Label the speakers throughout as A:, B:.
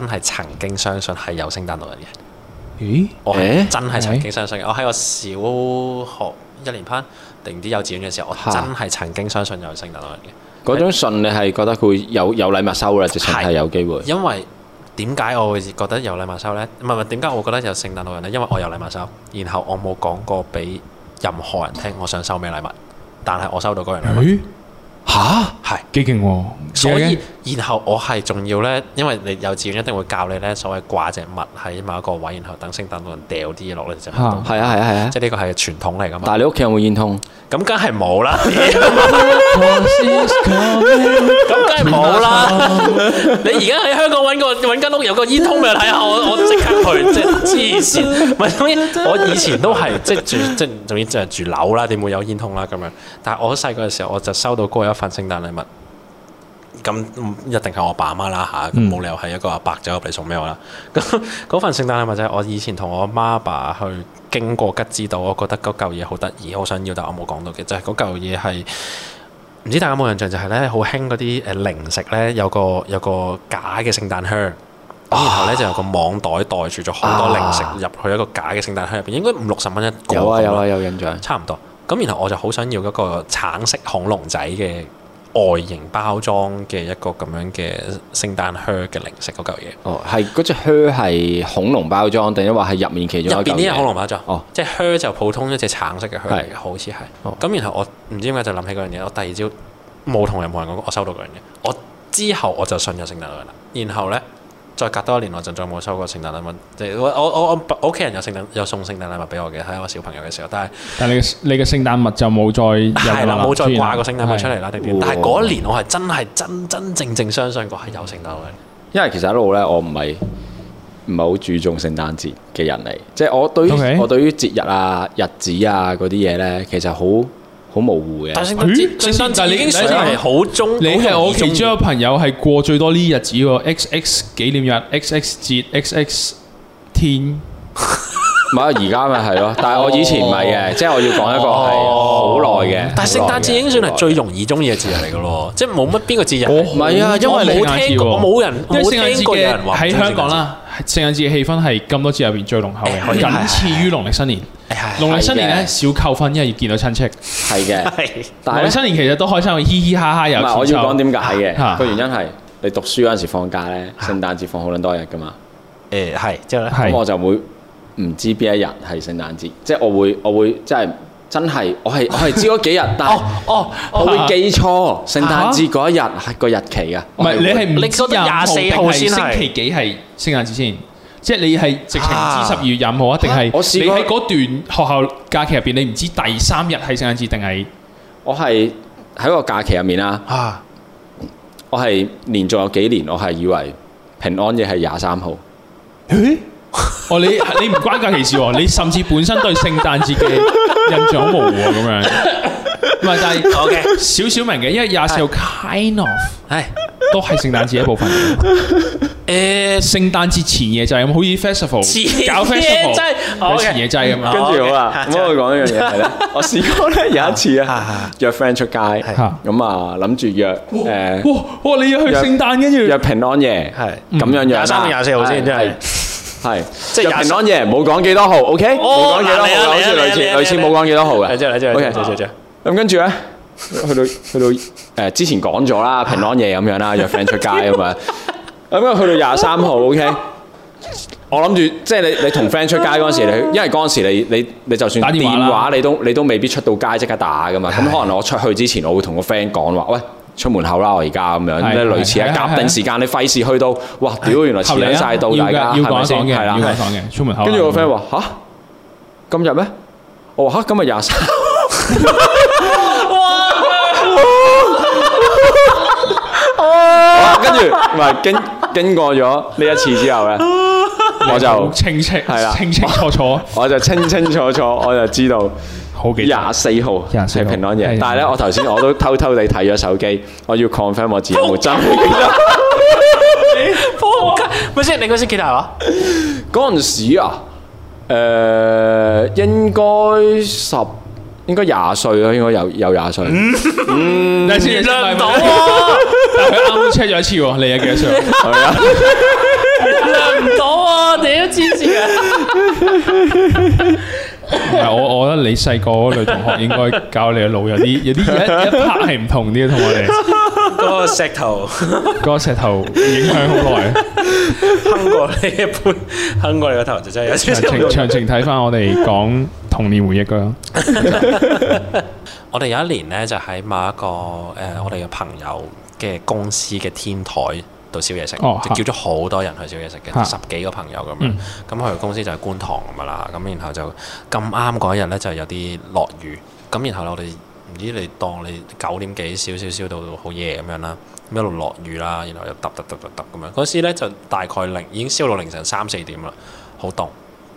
A: 真係曾經相信係有聖誕老人嘅，咦？我真係曾經相信。我喺我小學一年班，定唔知幼稚園嘅時候，我真係曾經相信有聖誕老人嘅。
B: 嗰、啊、是種信，你係覺得佢有有禮物收啦，直情係有機會。
A: 因為點解我會覺得有禮物收呢？唔係唔係，點解我覺得有聖誕老人呢？因為我有禮物收，然後我冇講過俾任何人聽我想收咩禮物，但係我收到嗰樣禮物。
C: 咦、哎？嚇！係。啊、所以
A: 然後我係仲要咧，因為你幼稚園一定會教你咧，所謂掛隻襪喺某一個位，然後等星，等聖誕老人掉啲嘢落嚟就係啊係啊係啊！即係呢個係傳統嚟㗎嘛。但係你
B: 屋企有冇煙通？
A: 咁梗係冇啦！咁梗係冇啦！你而家喺香港揾個揾間屋有個煙通咪睇下，我我即刻去即係黐綫！唔係 是， 我以前都係即係住，即係仲要即係住樓啦，點會有煙通啦咁樣？但係我細個嘅時候，我就收到過一份聖誕禮物。咁一定係我爸媽啦吓，咁冇、嗯、理由係一個阿伯仔入嚟送俾我啦。咁 份聖誕禮物就係我以前同我媽爸去經過吉之島，我覺得嗰嚿嘢好得意，好想要，但我冇講到嘅就係嗰嚿嘢係唔知大家有冇印象？就係咧好興嗰啲誒零食咧，有個有個假嘅聖誕靴，咁、啊、然後咧就有個網袋著著個袋住咗好多零食入去一個假嘅聖誕靴入邊，應該五六十蚊一個，有啊有啊有印、啊、象。差唔多。咁然後我就好想要一個橙色恐龍仔嘅。外形包裝嘅一個咁樣嘅聖誕靴嘅零食嗰嚿嘢，
B: 哦，係嗰隻靴係恐龍包裝，定抑或係入面其中入邊啲係恐龍包裝？哦，
A: 即係靴就普通一隻橙色嘅靴嚟嘅，好似係。咁、哦、然後我唔知點解就諗起嗰樣嘢，我第二朝冇同任何人講，我收到嗰樣嘢，我之後我就信咗聖誕啦，然後咧，再隔多一年，我就再冇收過聖誕禮物。即係我我我屋企人有聖誕有送聖誕禮物俾我嘅，喺我小朋友嘅時候。但係
C: 但係你你嘅聖誕物就冇再係啦，冇再掛個聖誕物出嚟啦，定點。但係嗰一年
A: 我係真係真真正正相信過係有聖誕禮。
B: 因為其實一路咧，我唔係唔係好注重聖誕節嘅人嚟。即係我對於 Okay. 我對於節日啊日子啊嗰啲嘢咧，其實好。
C: 好模糊嘅，誒但係你已經算係好忠，中你係我其中一個朋友係過最多呢日子喎，X X 紀念日，X X 節，X X 天。 唔係，而家咪係咯，但係我以前唔係嘅，即係我要講一個係好
A: 耐嘅。但係聖誕節已經算係最容易中意嘅節日嚟嘅咯，即係冇乜邊個節日。唔係啊，因為你冇聽過，冇人，冇聽過人話喺香港啦。
C: 聖誕節嘅氣氛係咁多節入邊最濃厚嘅，僅次於農曆新年。農曆新年咧少扣分，因為要見到親戚。係嘅，係。農曆新年其實都開心，嘻嘻哈哈又唔，我要講點解嘅個原因係
B: 你讀書嗰陣時放假咧，聖誕節放好撚多日㗎嘛。誒係，之後咧咁我就會。唔知邊一日係聖誕節，即係我會我會即係真係我係我係知嗰幾日，但哦哦， 我會記錯誕 聖誕節嗰一日個日期啊，唔係你係唔知廿四號係星期
C: 幾係聖誕節先，即係你係直情知十二月廿五號啊定係你喺嗰段學校假期入邊，你唔知第三日係聖誕節定係我係喺個假期入面啦，啊，我係
B: 連續有幾年我係以為平安夜係廿三號。啊啊
C: 哦，你你唔關假期事，你甚至本身對聖誕節嘅印象好模糊咁樣。唔係，但係 OK，少少明嘅，因為廿四號 Kind
A: of 係都
C: 係聖誕節一部分嘅。誒，聖誕節前夜就係咁，好似 Festival 搞 Festival，即係前夜祭咁啊。跟住好啦，咁我講一樣嘢係啦，我試過咧有一
B: 次啊，約 friend 出街，咁啊諗住約誒，
C: 哇，你約去聖
B: 誕，跟住約平安夜，係咁樣約，三廿四號先真係。係，即係平安夜冇講幾多號，OK？冇講幾多號，好似類似類似冇講幾多號嘅。係，即係，即係。咁跟住咧，去到去到誒之前講咗啦，平安夜咁樣啦，約 friend 出街咁樣。咁啊，去到廿三號，OK？我諗住即係你你同 friend 出街嗰時，你因為嗰時你你你就算打電話你都你都未必出到街，即刻打噶嘛。咁可能我出去之前，我會同個 friend 講話，喂。出門口啦，我而家咁樣咧，類似係，夾定時間，你費事去到，哇！屌，原來遲到晒到大家，係咪先？係啦，出門口。跟住我 friend 話吓，今日咩？哦，我話今日廿三。跟住咪經經過咗呢一次之後
C: 咧，我就清清係啦，清清楚楚，
B: 我就清清楚楚，我就知道。廿四號係平安夜，但係咧，我頭先我都偷偷地睇咗手機，我要 confirm 我自己真係
A: 科多？唔係先，你嗰時幾
B: 大話？嗰陣時啊，誒應該十，應該廿歲啦，
C: 應該有有廿歲。嗯，第一次唔到，但係啱好 check 咗一次喎。你有幾多歲？係啊，
B: 量唔到喎，屌黐線啊！
C: 唔係我。 我覺得你細個女同學應該教你嘅腦有啲有啲一一拍係唔同啲啊，同我哋
A: 個石頭，個石頭影響好耐，哼過你一盤，哼過你個頭就真係。詳情睇翻我哋講
C: 童年回憶噶，
A: 我哋有一年咧就喺某一個誒、呃、我哋嘅朋友嘅公司嘅天台。到燒嘢食，哦、就叫咗好多人去燒嘢食嘅，哦、十幾個朋友咁樣，咁去公司就係觀塘咁啦，咁然後就咁啱嗰日咧就有啲落雨，咁然後咧我哋唔知你當你九點幾燒燒燒到好夜咁樣啦，一路落雨啦，然後又揼揼揼揼揼咁樣，嗰時咧就大概零已經燒到凌晨三四點啦，好凍，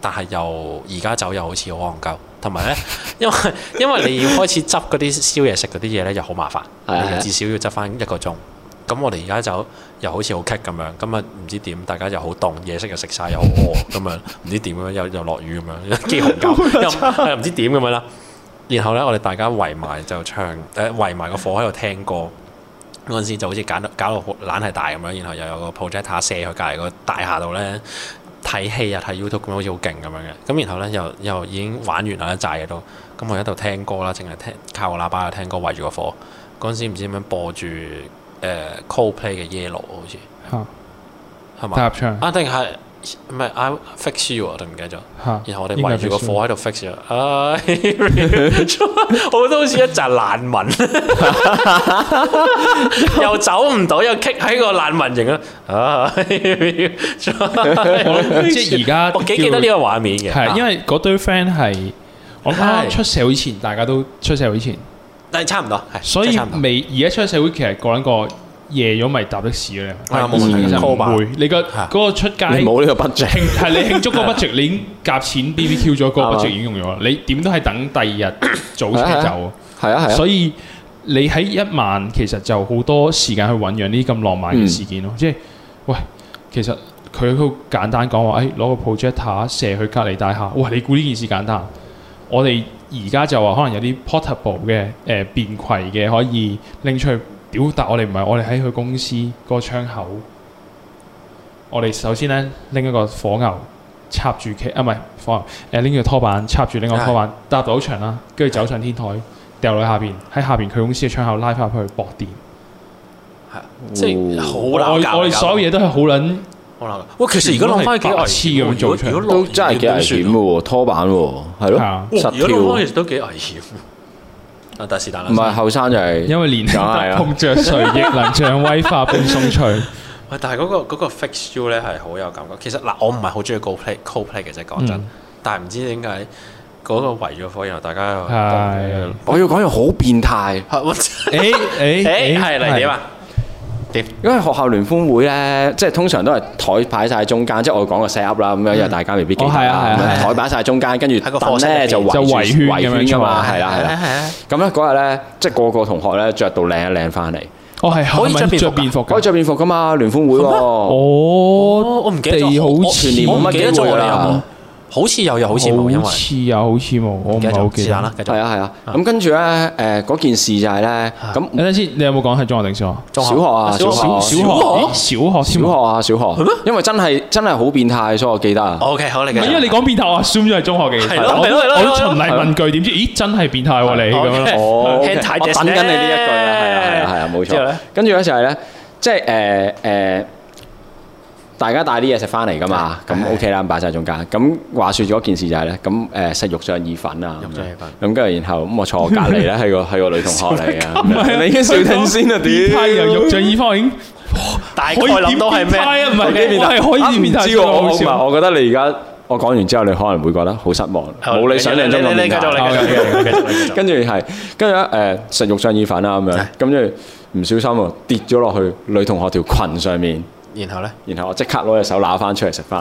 A: 但係又而家走又好似好戇鳩，同埋咧， 因為因為你要開始執嗰啲燒嘢食嗰啲嘢咧又好麻煩， 你至少要執翻一個鐘。咁我哋而家就又好似好劇咁樣。今日唔知點，大家又好凍，夜色又食晒，又好餓咁 樣，唔知點咁樣又又落雨咁樣，幾紅鳩又唔知點咁樣啦。然後咧，我哋大家圍埋就唱誒，圍埋個火喺度聽歌嗰陣時就好似揀得搞到懶係大咁樣，然後又有個 projector 射去隔離個大廈度咧睇戲又，啊、睇 YouTube 咁樣，好似好勁咁樣嘅。咁然後咧又又已經玩完啦，一寨嘢都咁我喺度聽歌啦，淨係聽靠個喇叭去聽歌圍住個火嗰陣時，唔知點播住。誒，Coldplay 嘅 Yellow 好
C: 似
A: 吓，係嘛哈？啊吧，定係唔係？I, I, I fix you 啊，我唔記得咗
C: 哈然後我哋圍住個火喺度 fix 咗。
A: 唉， 我都好似一集爛文， 又走唔到，又棘喺個爛文型啦。啊 你，即係而家我幾記得呢個畫面嘅，係 因為
C: 嗰對 friend 係我睇出社會以前，大家都出社會以前。但係差唔多，所以未而家出咗社會，其實個個夜咗咪搭的士咧，冇問題，你個個出街冇呢個 budget，係你慶祝個 budget，你夾錢 BBQ 咗個 budget 已經用咗啦，你點都係等第二日早走，係啊，所以你喺一晚其實就好多時間去醞釀呢啲咁浪漫嘅事件咯，即係喂，其實佢佢簡單講話，誒，攞個 project 下射去隔籬大廈，哇，你估呢件事簡單？我哋。而家就話可能有啲 portable 嘅誒、呃、便攜嘅，可以拎出去表達我，我哋唔係我哋喺佢公司個窗口，我哋首先咧拎一個火牛插住佢啊，唔係火牛誒拎、呃、個拖板插住另外拖板搭到場啦，跟住走上天台掉落去下邊，喺下邊佢公司嘅窗口拉翻入去駁電，係即係、哦、我我哋所有嘢都係好撚～我諗，哇！其實而家諗返幾危險嘅，如果如果落，真
B: 係幾危險嘅喎，拖板喎，係咯，十條。如果落翻其
A: 實都幾危險。啊，但係是但啦，唔係後
B: 生就係，因為練咗碰着
A: 水亦能像威化般鬆脆。喂，但係嗰個嗰個 fix you 咧係好有感覺。其實嗱，我唔係好中意 Coldplay Coldplay 嘅啫，講真。但係唔知點解嗰個圍咗火，然後大家，係
C: 我要講
B: 嘢好變態，我，
A: 誒誒誒，係嚟點啊？
B: 因為學校聯歡會咧，即係通常都係台擺晒中間，即係我講個 set up 啦，咁樣因為大家未必記得啦。台擺晒中間，跟住凳咧就圍圈咁樣嘛，係啦係啦。咁咧嗰日咧，即係個個同學咧着到靚一靚翻嚟。
C: 我係可以着便服，可以着便服噶嘛聯歡會。我我唔記得咗，我唔記得咗啦。
B: 好似有又好似冇，因為好似
C: 有好似冇，我唔係好記得。時間啦，繼續。係啊係啊，
B: 咁跟住咧，誒嗰件事就係咧，咁一陣先，你有冇講係中學定小學？小學啊，小小學，小學，小學啊，小學。因為真係真係好變態，所以我記得啊。O
A: K，好嚟唔因為
C: 你講變態啊，算唔算係中學嘅事？係咯，我都我都循例問句，點知咦真係變態喎你咁樣？哦，等緊
B: 你呢一句啦，係啊係
A: 啊係啊，冇錯。
B: 跟住咧就係咧，即係誒誒。大家帶啲嘢食翻嚟噶嘛？咁 OK 啦，擺晒中間。咁話説咗一件事就係咧，咁誒食肉醬意粉啊，咁跟住然後咁我坐我隔離咧，係個係個女同學嚟啊！你嘅笑點先啊？點變態，肉醬
C: 意粉，大概諗到係咩？唔係咩？係可以唔變態？我我我
B: 覺得你而家我講完之後，你可能會覺得好失望，冇你想像中咁樣。跟住係跟住誒食肉醬意粉啦咁樣，咁跟住唔小心跌咗落去女同學條裙上面。然後咧，然後我即刻攞隻手攬翻出嚟食飯。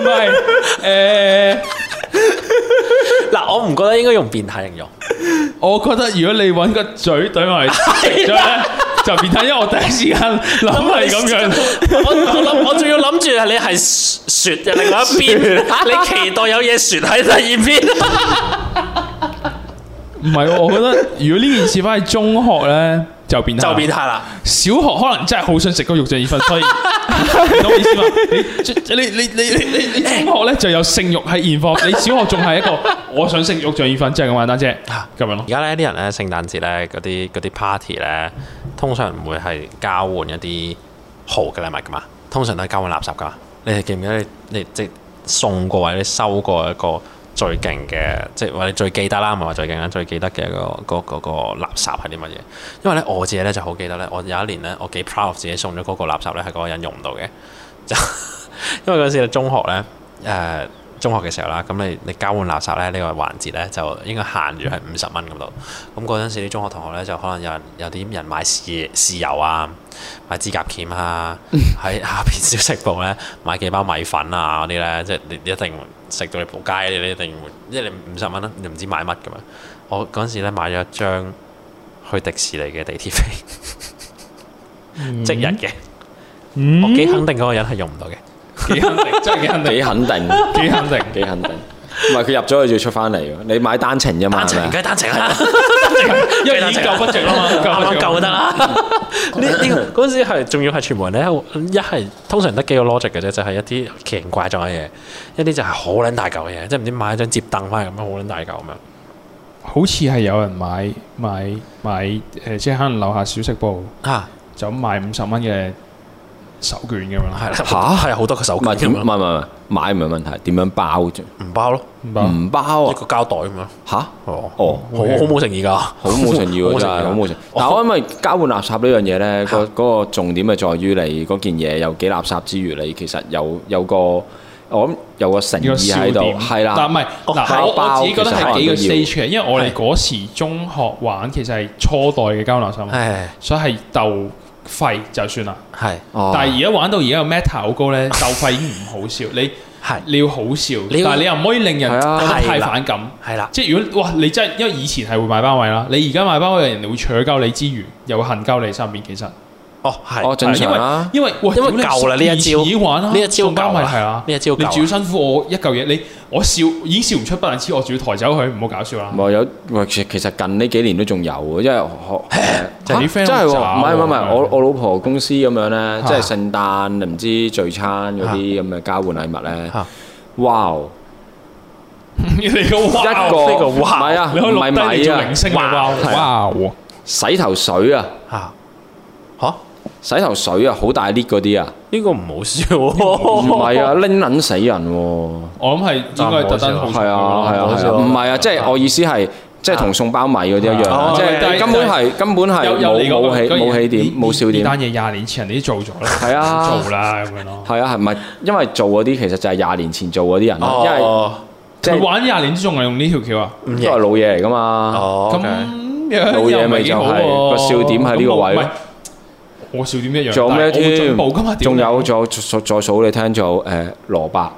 A: 唔
C: 係， 誒、欸、嗱， 我唔覺得應該用變態形容。 我覺得如果你揾個嘴對埋嘴 就變態，因為我第一時間諗係咁樣。我諗， 我仲要諗
A: 住你係説嘅另外一邊，雪 你期待有嘢説喺第二邊。
C: 唔 係，我覺得如果呢件事發生喺中學咧。就變態，就變態啦！小學可能真係好想食個肉醬意粉，所以唔好 意思嘛。你 你你你你你中
A: 學咧就有性慾喺現況， 你小學仲係一個我想食肉醬意粉，即係咁簡單啫。咁、啊、樣咯。而家咧啲人咧聖誕節咧嗰啲嗰啲 party 咧，通常唔會係交換一啲豪嘅禮物噶嘛，通常都係交換垃圾噶。你係記唔記得你你，你你即送過或者收過一個？最勁嘅，即係話你最記得啦，唔係話最勁啦，最記得嘅一個嗰個嗰個垃圾係啲乜嘢？因為咧我自己咧就好記得咧，我有一年咧，我幾 proud 自己送咗嗰個垃圾咧係嗰個人用唔到嘅，就因為嗰時咧中學咧誒。呃中學嘅時候啦，咁你你交換垃圾咧呢、呢個環節咧，就應該限住係五十蚊咁度。咁嗰陣時啲中學同學咧，就可能有人有啲人買豉豉油啊，買指甲鉗啊，喺下邊小食部咧買幾包米粉啊嗰啲咧，即係你一定食到你撲街，你一定會，即係你五十蚊啦，你唔知買乜咁啊！我嗰陣時咧買咗一張去迪士尼嘅地鐵飛， 即日嘅，我幾肯定嗰個人係用唔到嘅。幾肯定，真係幾肯定，
B: 幾肯定，幾肯定。唔係佢入咗佢就要出翻嚟嘅，你買單程啫嘛？單程梗係單程啦，
A: 因為已夠不值啦嘛，夠得啦。呢呢嗰陣時係仲要係全部人咧，一係通常得幾個 logic 嘅啫，就係一啲奇形怪狀嘅嘢，一啲就係好撚大嚿嘅嘢，即係唔知買張折凳翻嚟咁樣好撚大嚿咁樣。
C: 好似係有人買買買誒，即係可能樓下小食部嚇，就咁賣五十蚊嘅。手卷咁樣係啦，吓係好
B: 多個手卷咁樣，唔係唔係唔係，買唔係問題，點樣包啫？唔包咯，唔包，一個膠袋咁樣。吓哦哦，好好冇誠意噶，好冇誠意啊，真係好冇誠意。嗱，因為交換垃圾呢樣嘢咧，嗰嗰個重點係在於你嗰件嘢有幾垃圾之餘，你其實有有個我諗有個誠意喺度，係啦。但唔係嗱，我我自己覺得係幾個
C: stage 因為我哋嗰時中學玩，其實係初代嘅交換垃圾，所以係鬥。廢就算啦，係，哦、但係而家玩到而家個 meta 好高咧，就廢已經唔好笑，你係是你要好笑，要但係你又唔可以令人覺得太反感，係啦、啊，啊、即係如果哇你真係，因為以前係會買包位啦，你而家買包位人哋會搶鳩你之餘，又會恨鳩你身入邊，其實。哦，係，因為因為哇，咁舊啦呢一招，呢一招舊，呢一招舊，你仲要辛苦我一嚿嘢，你我笑已經笑唔出，不單之外我仲要抬走佢，唔好搞笑
B: 啦。唔係有，其實近呢幾年都仲有，因為我即係你 friend 真係唔係唔係唔係，我我老婆公司咁樣咧，即係聖誕唔知聚餐嗰啲咁嘅交換禮物咧，哇，你個一個哇，係啊，你可以錄低做明星洗頭水啊，吓吓。洗頭水啊，好大 lift 嗰啲啊，呢個唔好笑，唔係啊，拎捻死人，我
C: 諗係應該係特登，係啊係啊係啊，唔係啊，即
B: 係我意思係即係同送包米嗰啲一樣，即係根本係根本係冇起冇起點冇笑點，呢單嘢廿年前人哋都做咗啦，係啊做啦咁樣咯，係啊係唔係因為做嗰啲其實就係廿年前做
C: 嗰啲人咯，因為即係玩廿年之仲係用呢條橋啊，因為老嘢嚟噶嘛，咁老嘢咪就係個笑點喺呢個位。我笑點一樣，仲有咩添？仲有，
B: 再再再數你聽就誒、呃、蘿蔔。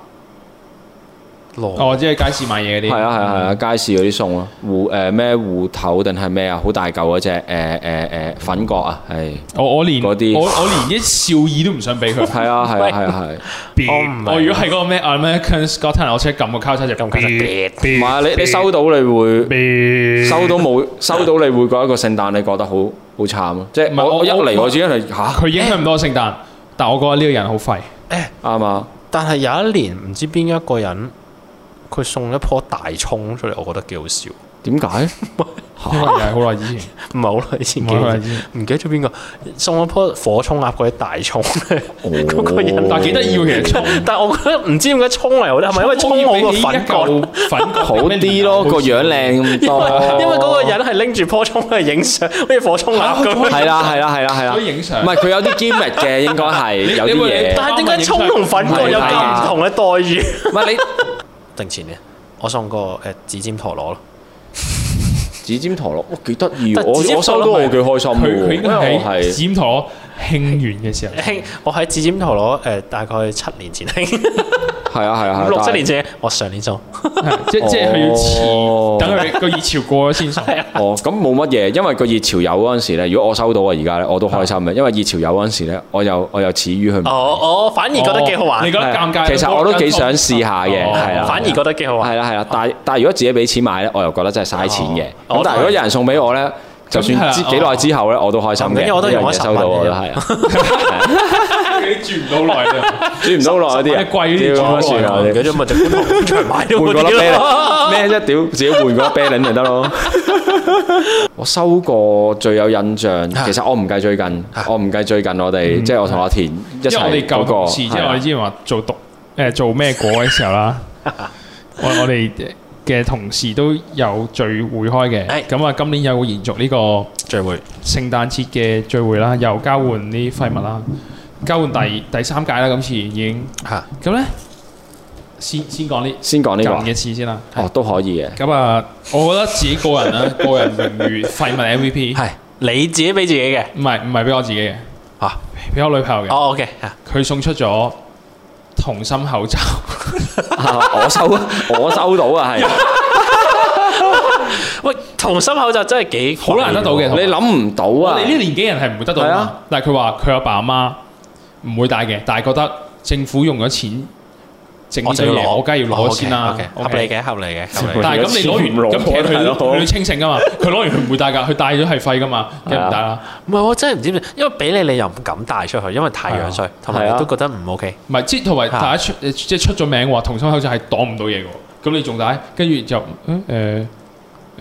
C: 哦，即係街市買嘢嗰啲，係啊
B: 係啊係啊，街市嗰啲餸咯，芋誒咩芋頭定係咩啊？好大嚿嗰隻誒誒誒粉葛啊，係。我我連我我連
C: 一笑意都唔想俾佢。係啊係啊係啊係。我如果係嗰個咩 American s 我只係撳個交叉就唔係啊！你你收
B: 到你會收到冇收到你會覺得一個聖誕你覺得好好慘啊！即
C: 係我我一嚟我只嚟，吓，佢應佢唔到聖誕，但我覺得呢個人好廢。誒啱啊！但係有一年唔知邊一個
A: 人。佢送一樖大葱出嚟，我覺得幾好笑。點解？因為好耐以前，唔係好耐以前嘅，唔記得咗邊個送一樖火葱鴨嗰啲大葱咧。嗰個人但係得要嘅，但係我覺得唔知點解葱嚟，或者係咪因為葱好個粉
B: 角好啲咯，個樣靚咁多。因為嗰個
A: 人係拎住樖葱去影相，好似火葱鴨咁。係啦，係啦，係啦，係啦。影相。唔係
B: 佢有啲
C: gimmick 嘅，
A: 應該係有啲嘢。但係點解葱同粉角有咁唔同
C: 嘅待遇？唔係你。
A: 定錢嘅，我送個誒指、呃、尖陀螺咯，指尖陀螺，我幾得意，我我收到我幾開心。佢佢應該係指尖陀螺興軟嘅時候，興我喺指尖陀螺誒、呃，大概七年前興。 係啊係啊係，六七年啫，我上年就，即即係佢要
B: 等佢個熱潮過咗先送。哦，咁冇乜嘢，因為個熱潮有嗰陣時咧，如果我收到啊，而家咧我都開心嘅。因為熱潮有嗰陣時咧，我又我又遲於去。哦，
A: 我反而覺得幾好玩。你覺得尷尬？其實我都幾想試下嘅，反而
B: 覺得幾好玩。係啦係啦，但但係如果自己俾錢買咧，我又覺得真係嘥錢嘅。但係如果有人送俾我咧，就算幾耐之後咧，我都開心嘅。因為我都有人收到我。都係轉唔到落，轉唔到落嗰啲啊！貴啲，屌乜事啊？幾多物就
A: 換，出嚟買咗半個啤啦！
B: 咩啫？屌，自己換個啤梨就得咯！我收過最有印象，其實我唔計最近，我唔計最近我哋即係我同阿田一齊嗰個，即係我哋之
C: 前話做讀誒做咩果嘅時候啦。我我哋嘅同事都有聚會開嘅，咁啊今年有延續呢個聚會，聖誕節嘅聚會啦，又交換啲廢物啦。交換第第三屆啦，今次已經吓咁咧，先先講呢先講呢咁嘅次先啦，
B: 哦都可以嘅。
C: 咁啊，我覺得自己個人啦，個人名譽廢物 MVP 係你自己俾自己嘅，唔係唔係俾我自己嘅，吓，俾我女朋友嘅。哦，OK，佢送出咗同心口罩，我收，我收到啊，係。喂，同心口
A: 罩真係幾好難得到嘅，你諗
C: 唔到啊！你哋呢年紀人係唔會得到啊。但係佢話佢阿爸阿媽。唔會戴嘅，但係覺得政府用咗錢，政府攞，我梗係要攞先啦，合理嘅，合理嘅。但係咁你攞完咁攞去，佢清醒噶嘛？佢攞完佢唔會戴噶，佢戴咗係廢噶嘛，梗唔戴啦。唔係我真係唔知點，因為俾你你又唔敢戴出去，因為太樣衰，同埋你都覺得唔 OK。唔係，即同埋大家出，即係出咗名話，銅芯口罩係擋唔到嘢噶。咁你仲戴？跟住就誒。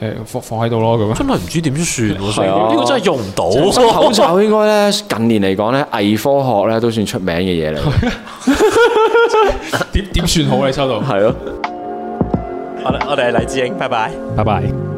C: 誒，放放喺度咯，咁
B: 樣真係唔知點算喎。呢、啊啊、個真係用唔到、啊、的收口罩，應該咧近年嚟講咧，偽科學咧都算出名嘅嘢嚟。點點算好、啊、你收到係
A: 咯、啊。好啦， 我哋係勵志鷹，拜拜，
C: 拜拜。